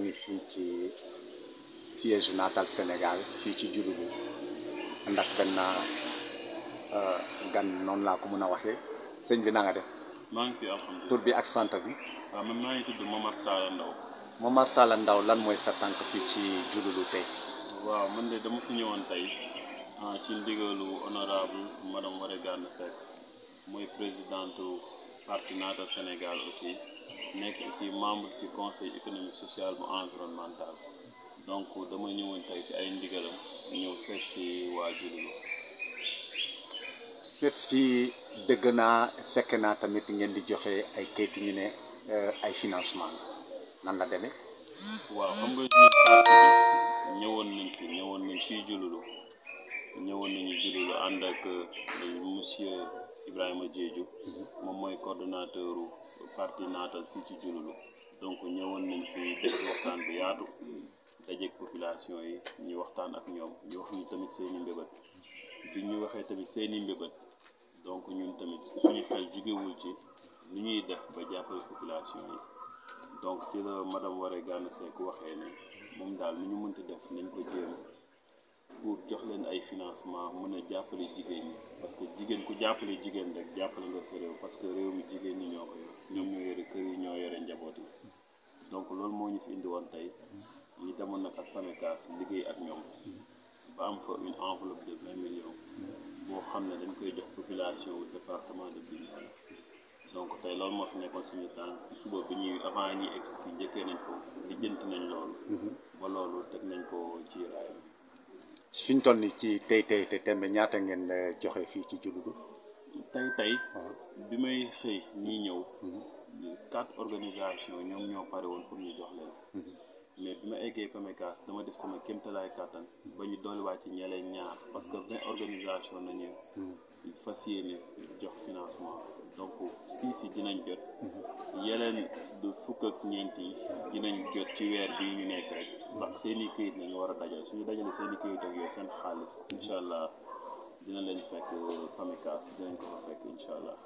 ngi fii ci euh, siège natal Sénégal fii ci Diouloulou ndax benn euh, gan noonu laa ko mën a waxee sëñ bi na def. maa tur bi ak sant bi. waaw ah, man maa ngi tudd Momar Talla Ndao. Momar lan mooy sa tànk fii ci Diouloulou tey. waaw man de dama fi ñëwoon tey ah, ci ndigalu honorable madame Waré Gane mooy présidente parti natal Sénégal aussi. nekk aussi membre ci conseil économique social bu environnemental donc dama ñëwoon tey ci ay ndigalam ñëw seet si waa Djolof. seet si dëgg naa fekk naa tamit ngeen di joxe ay kayitu ñu ne euh, ay financement nan la demee. waaw xam nga ñun ñëwoon nañ fi ñëwoon nañ fii Djolof ñëwoon nañu Djolof ànd ak euh, monsieur Ibrahima Diédhiou mm-hmm. moom mooy coordonnateur parti naatal fii ci Diouloulou donc ñëwoon nañ fi def waxtaan bu yaatu dajeeg population yi ñu waxtaan ak ñoom ñu wax ñu tamit seen i mbébét bi ñu waxee tamit seen i mbébét donc ñun tamit suñu xel jugewul ci lu ñuy def ba jàppale population yi donc ci la madame Waré Gana Seck waxee ni moom daal lu ñu mënti def nañ ko jéem pour jox leen ay financement mën a jàppale jigéen ñi parce que jigéen ku jàppale jigéen rek jàppale nga sa réew parce que réew mi jigéen ñi ñoo ko yor ñoom ñoo yore kër yi ñoo yore njaboot yi donc loolu moo ñu fi indi woon tey ñu demoon nag ak PAMECAS liggéey ak ñoom ba am fa une enveloppe de vingt boo xam ne dañ koy jox population wu département de Bignona donc tey loolu moo fi nekkoon suñu tànk suba bi ñuy avant ñuy egg fii njëkkee nañ foofu lijjanti nañ loolu mhm. ba loolu teg nañ ko ci si fi toll nii ci tey tey te tembe ñaata ngeen euh, joxe fii ci Diouloulou. tey tey. Ah. bi may xëy ñii ñëw. Mhm. quatre organisation ñoom ñoo pare woon pour ñu jox leen. Mhm. mais bi ma eggee PAMECAS dama def sama kéemtalaay kàttan ba ñu dolliwaat ci ñeleen ñaar parce que vingt organisation nañu mhm. fas yéene jox financement donc six yi dinañ jot yeneen du fukk ak ñeent dinañ jot ci weer bi ñu nekk rek ndax seen këyit nañu war a dajal suñu dajale seen i këyit ak yow seen xaalis incha allah dina leen fekk PAMECAS dinañ ko fekk incha allah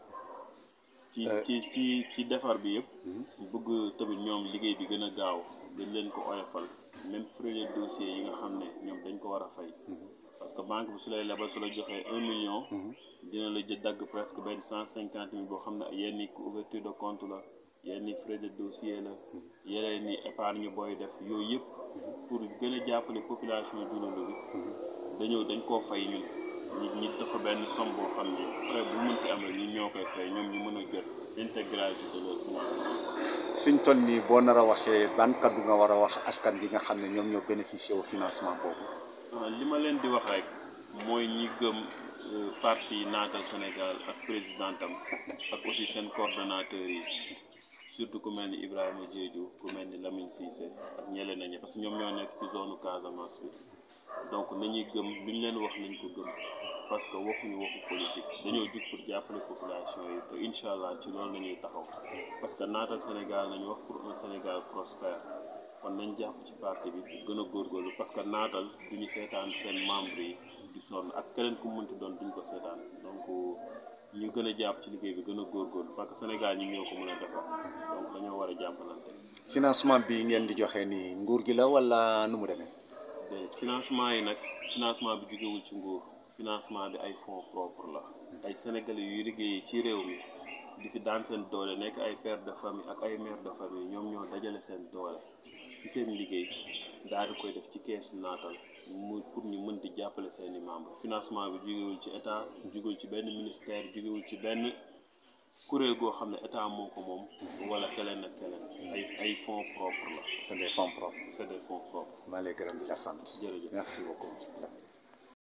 euh. ci ci ci defar bi yëpp mhm. bëgg tamit ñoom liggéey bi gën a gaaw dañ leen ko oyofal même frais de yi nga xam ne ñoom dañ ko war a fay mhm. parce que banque bi su lay lebal su la joxee un million. Mhm. dina la jë dagg presque benn cent cinquante mille boo xam ne yenn ouverture de compte la yenn frais de dossier la mhm. yeneen ni épargne booy def yooyu yëpp mhm. pour gën a jàppale population jullit bi dañoo dañ koo fay ñun ñi ñi dafa benn somme boo xam ne frais bu mënti am rek ñun ñoo koy fay ñoom ñu mën a jot l'intégralité de leur financement. suñ toll nii boo nar a waxee ban kaddu nga war a wax askan bi nga xam ne ñoom ñoo bénéficié au financement boobu. li ma leen di wax rek mooy ñi gëm euh, parti naatal Sénégal ak présidentam ak aussi seen coordonnateur yi surtout ku mel ni Ibrahima Diédhiou ku mel ni Lamine Cissé ak ñeleen nañu parce que ñoom ñoo nekk ci zone Casamance bi donc nañuy gëm lu ñu leen wax nañ ko gëm parce que waxuñu waxu politique dañoo jug pour jàppale population yi te incha allah ci loolu la ñuy taxaw parce que naatal Sénégal nañu wax pour un Sénégal prospère kon nañ jàpp ci parti bi pour gën a parce que naatal du ñu seetaan seen membre yi di sonn ak keneen ku mënti doon duñu ko seetaan donc ñu gën a jàpp ci liggéey bi gën góor góorgóorlu parce que Sénégal ñi ñoo ko mën a defar dañoo war a jàppalante. financement bi ngeen di joxe nii nguur gi la wala nu mu demee. financement yi nag financement bi jógewul ci nguur financement bi ay fonds la ay sénégalais yuy liggéey ci réew mi di fi daan seen doole nekk ay père de famille ak ay mère de famille ñoom ñoo dajale seen doole. ci seen liggéey daal di koy def ci keesu naatal mu pour ñu mën di jàppale seeni membre financement bi jógewul ci état jógewul ci benn ministère jógewul ci benn kuréel goo xam ne état moo ko moom wala keneen ak keneen ay ay fonds propres la c'est des fonds propres c'est des fonds propres maa lay di la sant jërëjëf merci beaucoup